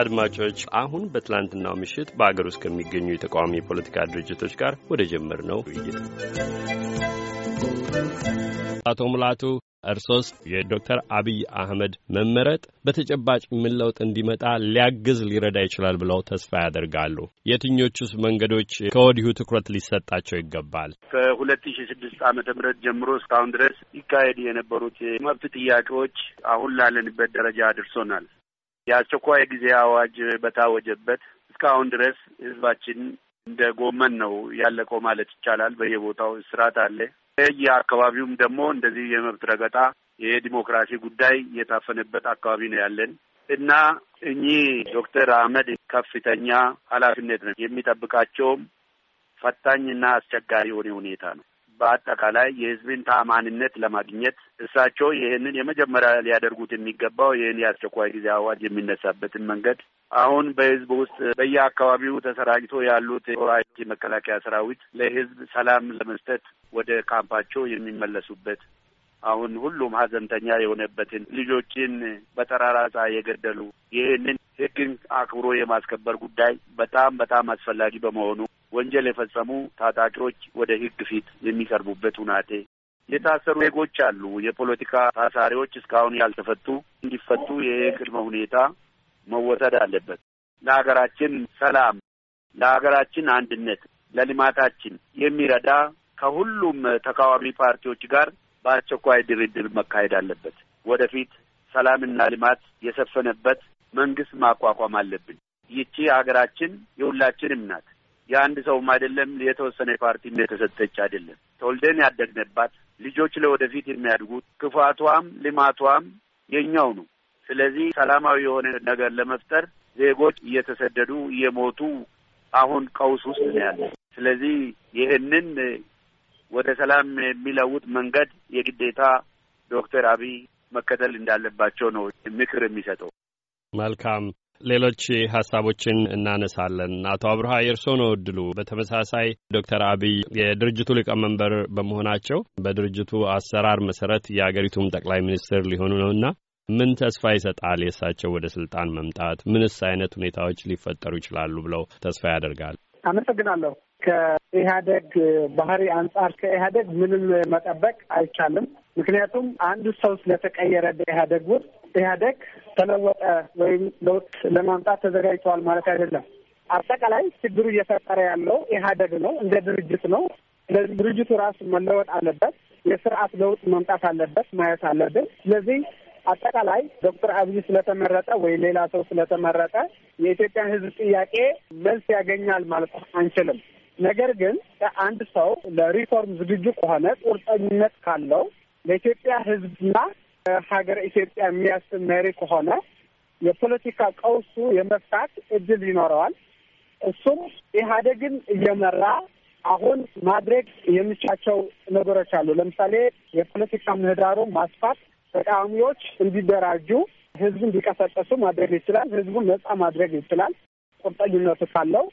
አድማጮች አሁን በትላንትናው ምሽት በአገር ውስጥ ከሚገኙ የተቃዋሚ የፖለቲካ ድርጅቶች ጋር ወደ ጀመር ነው ውይይት አቶ ሙላቱ እርሶስ የዶክተር አብይ አህመድ መመረጥ በተጨባጭ ምን ለውጥ እንዲመጣ ሊያግዝ ሊረዳ ይችላል ብለው ተስፋ ያደርጋሉ? የትኞቹስ መንገዶች ከወዲሁ ትኩረት ሊሰጣቸው ይገባል? ከሁለት ሺ ስድስት ዓመተ ምህረት ጀምሮ እስካሁን ድረስ ይካሄድ የነበሩት የመብት ጥያቄዎች አሁን ላለንበት ደረጃ አድርሶናል። የአስቸኳይ ጊዜ አዋጅ በታወጀበት እስካሁን ድረስ ህዝባችን እንደ ጎመን ነው ያለቀው ማለት ይቻላል። በየቦታው እስራት አለ። የአካባቢውም ደግሞ እንደዚህ የመብት ረገጣ የዲሞክራሲ ጉዳይ የታፈነበት አካባቢ ነው ያለን እና እኚህ ዶክተር አህመድ ከፍተኛ ኃላፊነት ነው የሚጠብቃቸውም ፈታኝና አስቸጋሪ የሆነ ሁኔታ ነው። በአጠቃላይ የህዝብን ተአማንነት ለማግኘት እሳቸው ይህንን የመጀመሪያ ሊያደርጉት የሚገባው ይህን የአስቸኳይ ጊዜ አዋጅ የሚነሳበትን መንገድ አሁን በህዝብ ውስጥ በየአካባቢው ተሰራጭቶ ያሉት ራጅ መከላከያ ሰራዊት ለህዝብ ሰላም ለመስጠት ወደ ካምፓቸው የሚመለሱበት አሁን ሁሉም ሀዘንተኛ የሆነበትን ልጆችን በጠራራ ፀሐይ የገደሉ ይህንን ህግን አክብሮ የማስከበር ጉዳይ በጣም በጣም አስፈላጊ በመሆኑ ወንጀል የፈጸሙ ታጣቂዎች ወደ ህግ ፊት የሚቀርቡበት ሁናቴ የታሰሩ ዜጎች አሉ። የፖለቲካ ታሳሪዎች እስካሁን ያልተፈቱ እንዲፈቱ የቅድመ ሁኔታ መወሰድ አለበት። ለሀገራችን ሰላም፣ ለሀገራችን አንድነት፣ ለልማታችን የሚረዳ ከሁሉም ተቃዋሚ ፓርቲዎች ጋር በአስቸኳይ ድርድር መካሄድ አለበት። ወደፊት ሰላምና ልማት የሰፈነበት መንግስት ማቋቋም አለብን። ይቺ ሀገራችን የሁላችንም ናት። የአንድ ሰውም አይደለም፣ የተወሰነ ፓርቲም የተሰጠች አይደለም። ተወልደን ያደግንባት ልጆች ለወደፊት የሚያድጉት ክፋቷም ልማቷም የኛው ነው። ስለዚህ ሰላማዊ የሆነ ነገር ለመፍጠር ዜጎች እየተሰደዱ እየሞቱ አሁን ቀውስ ውስጥ ነው ያለ። ስለዚህ ይህንን ወደ ሰላም የሚለውጥ መንገድ የግዴታ ዶክተር አብይ መከተል እንዳለባቸው ነው ምክር የሚሰጠው። መልካም ሌሎች ሀሳቦችን እናነሳለን። አቶ አብርሃ የእርስዎ ነው እድሉ። በተመሳሳይ ዶክተር አብይ የድርጅቱ ሊቀመንበር በመሆናቸው በድርጅቱ አሰራር መሰረት የአገሪቱም ጠቅላይ ሚኒስትር ሊሆኑ ነውና ምን ተስፋ ይሰጣል የእሳቸው ወደ ስልጣን መምጣት? ምንስ አይነት ሁኔታዎች ሊፈጠሩ ይችላሉ ብለው ተስፋ ያደርጋል? አመሰግናለሁ። ከኢህአደግ ባህሪ አንጻር ከኢህአደግ ምንም መጠበቅ አይቻልም። ምክንያቱም አንድ ሰው ስለተቀየረ በኢህአደግ ውስጥ ኢህአዴግ ተለወጠ ወይም ለውጥ ለማምጣት ተዘጋጅተዋል ማለት አይደለም። አጠቃላይ ችግሩ እየፈጠረ ያለው ኢህአዴግ ነው፣ እንደ ድርጅት ነው። ስለዚህ ድርጅቱ ራሱ መለወጥ አለበት። የስርዓት ለውጥ መምጣት አለበት ማየት አለብን። ስለዚህ አጠቃላይ ዶክተር አብይ ስለተመረጠ ወይም ሌላ ሰው ስለተመረጠ የኢትዮጵያን ሕዝብ ጥያቄ መልስ ያገኛል ማለት አንችልም። ነገር ግን አንድ ሰው ለሪፎርም ዝግጁ ከሆነ ቁርጠኝነት ካለው ለኢትዮጵያ ሕዝብና ሀገር ኢትዮጵያ የሚያስብ መሪ ከሆነ የፖለቲካ ቀውሱ የመፍታት እድል ይኖረዋል። እሱም ኢህአዴግን እየመራ አሁን ማድረግ የሚቻቸው ነገሮች አሉ። ለምሳሌ የፖለቲካ ምህዳሩ ማስፋት፣ ተቃዋሚዎች እንዲደራጁ ህዝብ እንዲቀሰቀሱ ማድረግ ይችላል። ህዝቡን ነጻ ማድረግ ይችላል። ቁርጠኝነቱ ካለው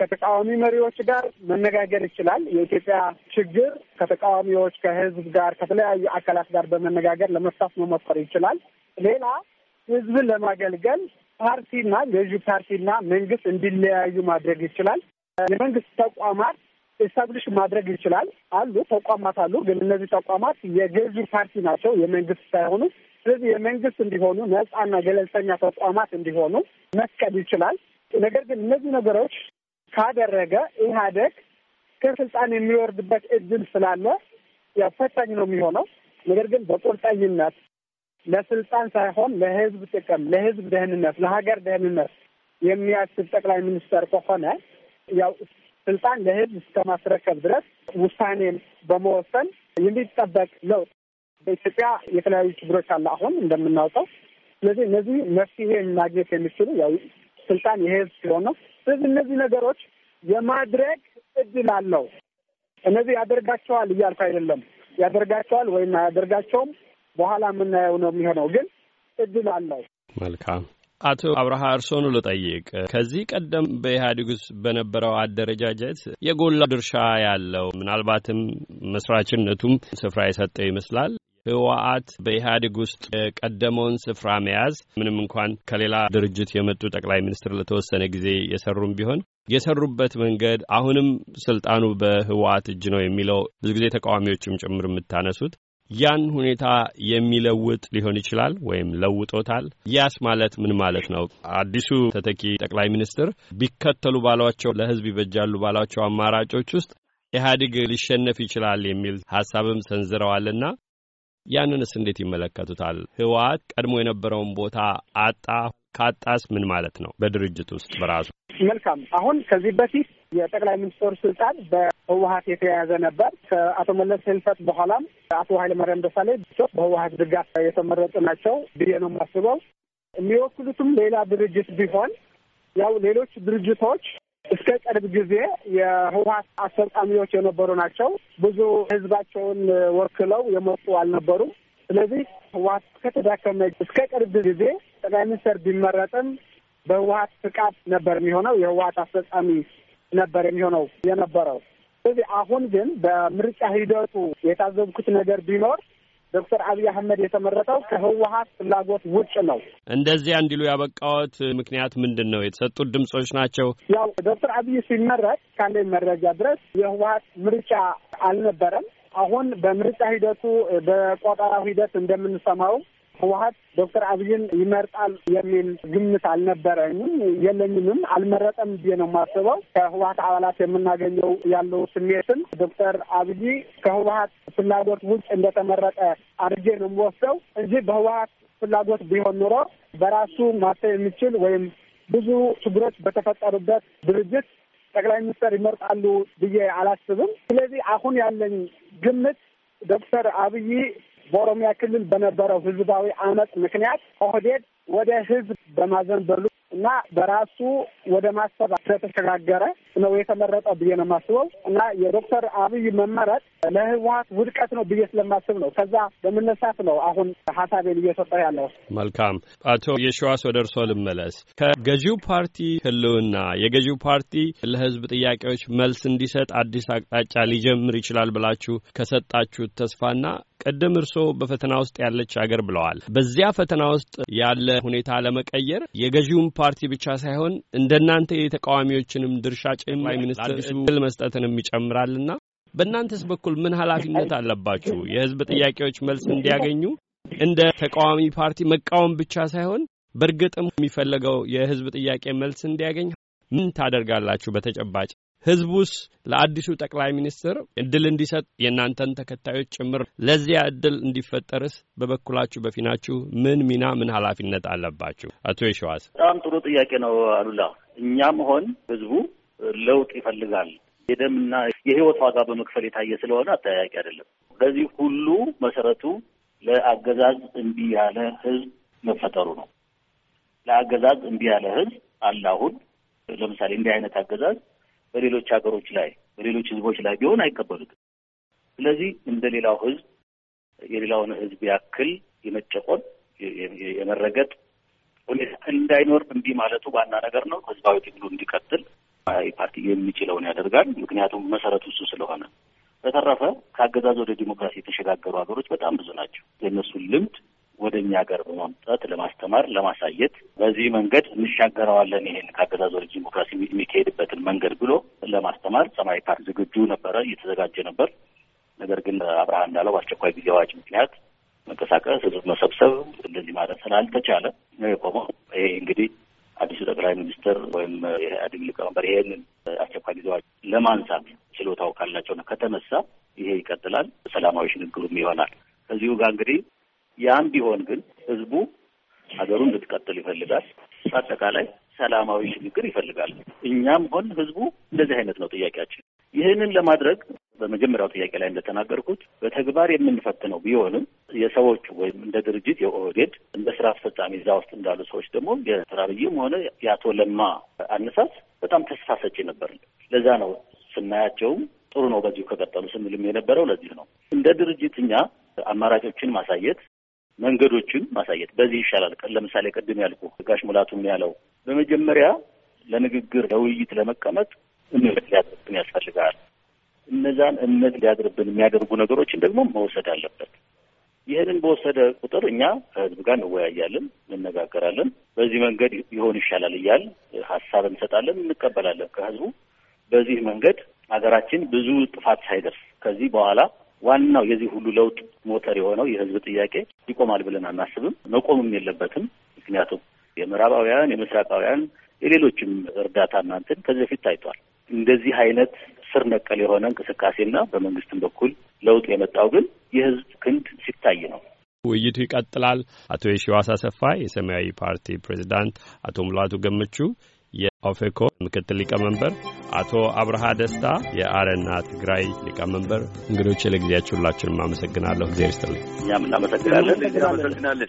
ከተቃዋሚ መሪዎች ጋር መነጋገር ይችላል። የኢትዮጵያ ችግር ከተቃዋሚዎች፣ ከህዝብ ጋር፣ ከተለያዩ አካላት ጋር በመነጋገር ለመፍታት መሞከር ይችላል። ሌላ ህዝብን ለማገልገል ፓርቲና ገዢ ፓርቲና መንግስት እንዲለያዩ ማድረግ ይችላል። የመንግስት ተቋማት ኤስታብሊሽ ማድረግ ይችላል። አሉ ተቋማት አሉ፣ ግን እነዚህ ተቋማት የገዢ ፓርቲ ናቸው፣ የመንግስት ሳይሆኑ። ስለዚህ የመንግስት እንዲሆኑ ነጻና ገለልተኛ ተቋማት እንዲሆኑ መስቀል ይችላል። ነገር ግን እነዚህ ነገሮች ካደረገ ኢህአደግ ከስልጣን የሚወርድበት እድል ስላለ ያው ፈታኝ ነው የሚሆነው። ነገር ግን በቁርጠኝነት ለስልጣን ሳይሆን ለህዝብ ጥቅም፣ ለህዝብ ደህንነት፣ ለሀገር ደህንነት የሚያስብ ጠቅላይ ሚኒስተር ከሆነ ያው ስልጣን ለህዝብ እስከማስረከብ ድረስ ውሳኔ በመወሰን የሚጠበቅ ለውጥ በኢትዮጵያ የተለያዩ ችግሮች አለ አሁን እንደምናውቀው። ስለዚህ እነዚህ መፍትሄ ማግኘት የሚችሉ ያው ስልጣን የህዝብ ሲሆን ነው። ስለዚህ እነዚህ ነገሮች የማድረግ እድል አለው። እነዚህ ያደርጋቸዋል እያልኩ አይደለም። ያደርጋቸዋል ወይም አያደርጋቸውም በኋላ የምናየው ነው የሚሆነው፣ ግን እድል አለው። መልካም አቶ አብርሃ እርሶኑ ልጠይቅ። ከዚህ ቀደም በኢህአዴግ ውስጥ በነበረው አደረጃጀት የጎላ ድርሻ ያለው ምናልባትም መስራችነቱም ስፍራ የሰጠው ይመስላል ህወአት በኢህአዴግ ውስጥ የቀደመውን ስፍራ መያዝ ምንም እንኳን ከሌላ ድርጅት የመጡ ጠቅላይ ሚኒስትር ለተወሰነ ጊዜ የሰሩም ቢሆን የሰሩበት መንገድ አሁንም ስልጣኑ በህወአት እጅ ነው የሚለው ብዙ ጊዜ ተቃዋሚዎችም ጭምር የምታነሱት ያን ሁኔታ የሚለውጥ ሊሆን ይችላል ወይም ለውጦታል። ያስ ማለት ምን ማለት ነው? አዲሱ ተተኪ ጠቅላይ ሚኒስትር ቢከተሉ ባሏቸው ለህዝብ ይበጃሉ ባሏቸው አማራጮች ውስጥ ኢህአዴግ ሊሸነፍ ይችላል የሚል ሀሳብም ሰንዝረዋልና ያንንስ እንዴት ይመለከቱታል? ህወሓት ቀድሞ የነበረውን ቦታ አጣ። ካጣስ ምን ማለት ነው? በድርጅት ውስጥ በራሱ መልካም። አሁን ከዚህ በፊት የጠቅላይ ሚኒስትሩ ስልጣን በህወሀት የተያያዘ ነበር። ከአቶ መለስ ህልፈት በኋላም አቶ ኃይለማርያም ደሳሌ በህወሀት ድጋፍ የተመረጡ ናቸው ብዬ ነው የማስበው። የሚወክሉትም ሌላ ድርጅት ቢሆን ያው ሌሎች ድርጅቶች እስከ ቅርብ ጊዜ የህወሀት አሰልጣሚዎች የነበሩ ናቸው። ብዙ ህዝባቸውን ወክለው የመጡ አልነበሩም። ስለዚህ ህወሀት ከተዳከመ እስከ ቅርብ ጊዜ ጠቅላይ ሚኒስትር ቢመረጥም በህወሀት ፍቃድ ነበር የሚሆነው፣ የህወሀት አስፈጻሚ ነበር የሚሆነው የነበረው። ስለዚህ አሁን ግን በምርጫ ሂደቱ የታዘብኩት ነገር ቢኖር ዶክተር አብይ አህመድ የተመረጠው ከህወሀት ፍላጎት ውጭ ነው። እንደዚያ እንዲሉ ያበቃዎት ምክንያት ምንድን ነው? የተሰጡት ድምጾች ናቸው። ያው ዶክተር አብይ ሲመረጥ ካለኝ መረጃ ድረስ የህወሀት ምርጫ አልነበረም። አሁን በምርጫ ሂደቱ በቆጠራው ሂደት እንደምንሰማው ህወሀት ዶክተር አብይን ይመርጣል የሚል ግምት አልነበረኝም፣ የለኝምም፣ አልመረጠም ብዬ ነው የማስበው። ከህወሀት አባላት የምናገኘው ያለው ስሜትን ዶክተር አብይ ከህወሀት ፍላጎት ውጭ እንደተመረጠ አድርጌ ነው የምወስደው እንጂ በህወሀት ፍላጎት ቢሆን ኑሮ በራሱ ማሰብ የሚችል ወይም ብዙ ችግሮች በተፈጠሩበት ድርጅት ጠቅላይ ሚኒስትር ይመርጣሉ ብዬ አላስብም። ስለዚህ አሁን ያለኝ ግምት ዶክተር አብይ በኦሮሚያ ክልል በነበረው ህዝባዊ አመፅ ምክንያት ኦህዴድ ወደ ህዝብ በማዘንበሉ እና በራሱ ወደ ማሰብ ስለተሸጋገረ ነው የተመረጠ ብዬ ነው የማስበው እና የዶክተር አብይ መመረጥ ለህወሀት ውድቀት ነው ብዬ ስለማስብ ነው። ከዛ በመነሳት ነው አሁን ሀሳቤን እየሰጠ ያለው። መልካም አቶ የሸዋስ ወደ እርሶ ልመለስ። ከገዢው ፓርቲ ህልውና የገዢው ፓርቲ ለህዝብ ጥያቄዎች መልስ እንዲሰጥ አዲስ አቅጣጫ ሊጀምር ይችላል ብላችሁ ከሰጣችሁት ተስፋና ቀደም እርሶ በፈተና ውስጥ ያለች አገር ብለዋል። በዚያ ፈተና ውስጥ ያለ ሁኔታ ለመቀየር የገዢውን ፓርቲ ብቻ ሳይሆን እንደናንተ የተቃዋሚዎችንም ድርሻ ጭማሪ ሚኒስትር አዲሱ መስጠትንም ይጨምራልና በእናንተስ በኩል ምን ኃላፊነት አለባችሁ? የህዝብ ጥያቄዎች መልስ እንዲያገኙ እንደ ተቃዋሚ ፓርቲ መቃወም ብቻ ሳይሆን በእርግጥም የሚፈለገው የህዝብ ጥያቄ መልስ እንዲያገኝ ምን ታደርጋላችሁ በተጨባጭ? ህዝቡስ ለአዲሱ ጠቅላይ ሚኒስትር እድል እንዲሰጥ የእናንተን ተከታዮች ጭምር ለዚያ እድል እንዲፈጠርስ በበኩላችሁ በፊናችሁ ምን ሚና ምን ኃላፊነት አለባችሁ? አቶ የሸዋስ በጣም ጥሩ ጥያቄ ነው አሉላ። እኛም ሆን ህዝቡ ለውጥ ይፈልጋል። የደምና የህይወት ዋጋ በመክፈል የታየ ስለሆነ አጠያያቂ አይደለም። ከዚህ ሁሉ መሰረቱ ለአገዛዝ እምቢ ያለ ህዝብ መፈጠሩ ነው። ለአገዛዝ እምቢ ያለ ህዝብ አለ። አሁን ለምሳሌ እንዲህ አይነት አገዛዝ በሌሎች ሀገሮች ላይ በሌሎች ህዝቦች ላይ ቢሆን አይቀበሉትም። ስለዚህ እንደ ሌላው ህዝብ የሌላውን ህዝብ ያክል የመጨቆን የመረገጥ ሁኔታ እንዳይኖር እምቢ ማለቱ ዋና ነገር ነው። ህዝባዊ ትግሉ እንዲቀጥል ፓርቲ የሚችለውን ያደርጋል። ምክንያቱም መሰረቱ እሱ ስለሆነ። በተረፈ ከአገዛዝ ወደ ዲሞክራሲ የተሸጋገሩ ሀገሮች በጣም ብዙ ናቸው። የእነሱን ልምድ ወደ እኛ ሀገር በማምጣት ለማስተማር፣ ለማሳየት በዚህ መንገድ እንሻገረዋለን ይሄን ከአገዛዝ ወደ ዲሞክራሲ የሚካሄድበትን መንገድ ብሎ ለማስተማር ሰማያዊ ፓርክ ዝግጁ ነበረ፣ እየተዘጋጀ ነበር። ነገር ግን አብርሃ እንዳለው በአስቸኳይ ጊዜ አዋጅ ምክንያት መንቀሳቀስ፣ ህዝብ መሰብሰብ እንደዚህ ማለት ስላልተቻለ የቆመው ይሄ እንግዲህ አዲሱ ጠቅላይ ሚኒስትር ወይም የኢህአዴግ ሊቀመንበር ይሄንን አስቸኳይ ጊዜ አዋጅ ለማንሳት ችሎታው ካላቸው ከተነሳ ይሄ ይቀጥላል፣ ሰላማዊ ሽግግሩም ይሆናል። ከዚሁ ጋር እንግዲህ ያም ቢሆን ግን ህዝቡ ሀገሩን እንድትቀጥል ይፈልጋል። በአጠቃላይ ሰላማዊ ሽግግር ይፈልጋል። እኛም ሆን ህዝቡ እንደዚህ አይነት ነው ጥያቄያችን። ይህንን ለማድረግ በመጀመሪያው ጥያቄ ላይ እንደተናገርኩት በተግባር የምንፈትነው ቢሆንም የሰዎቹ ወይም እንደ ድርጅት የኦህዴድ እንደ ስራ አስፈጻሚ እዛ ውስጥ እንዳሉ ሰዎች ደግሞ የተራብይም ሆነ የአቶ ለማ አነሳስ በጣም ተስፋ ሰጪ ነበር። ለዛ ነው ስናያቸውም ጥሩ ነው በዚሁ ከቀጠሉ ስንልም የነበረው ለዚህ ነው። እንደ ድርጅት እኛ አማራጮችን ማሳየት መንገዶችን ማሳየት በዚህ ይሻላል። ለምሳሌ ቅድም ያልኩ ጋሽ ሙላቱም ያለው በመጀመሪያ ለንግግር ለውይይት ለመቀመጥ እምነት ሊያድርብን ያስፈልጋል። እነዛን እምነት ሊያድርብን የሚያደርጉ ነገሮችን ደግሞ መውሰድ አለበት። ይህንን በወሰደ ቁጥር እኛ ከህዝብ ጋር እንወያያለን፣ እንነጋገራለን። በዚህ መንገድ ይሆን ይሻላል እያል ሀሳብ እንሰጣለን፣ እንቀበላለን ከህዝቡ በዚህ መንገድ ሀገራችን ብዙ ጥፋት ሳይደርስ ከዚህ በኋላ ዋናው የዚህ ሁሉ ለውጥ ሞተር የሆነው የህዝብ ጥያቄ ይቆማል ብለን አናስብም። መቆምም የለበትም። ምክንያቱም የምዕራባውያን፣ የምስራቃውያን፣ የሌሎችም እርዳታ እናንትን ከዚህ በፊት ታይቷል። እንደዚህ አይነት ስር ነቀል የሆነ እንቅስቃሴና በመንግስትም በኩል ለውጥ የመጣው ግን የህዝብ ክንድ ሲታይ ነው። ውይይቱ ይቀጥላል። አቶ የሺዋስ አሰፋ የሰማያዊ ፓርቲ ፕሬዚዳንት፣ አቶ ሙላቱ ገመቹ ኦፌኮ ምክትል ሊቀመንበር፣ አቶ አብርሃ ደስታ የአረና ትግራይ ሊቀመንበር። እንግዶች ለጊዜያችሁ ሁላችሁንም አመሰግናለሁ። እግዚአብሔር ይስጥልኝ። እኛም እናመሰግናለን።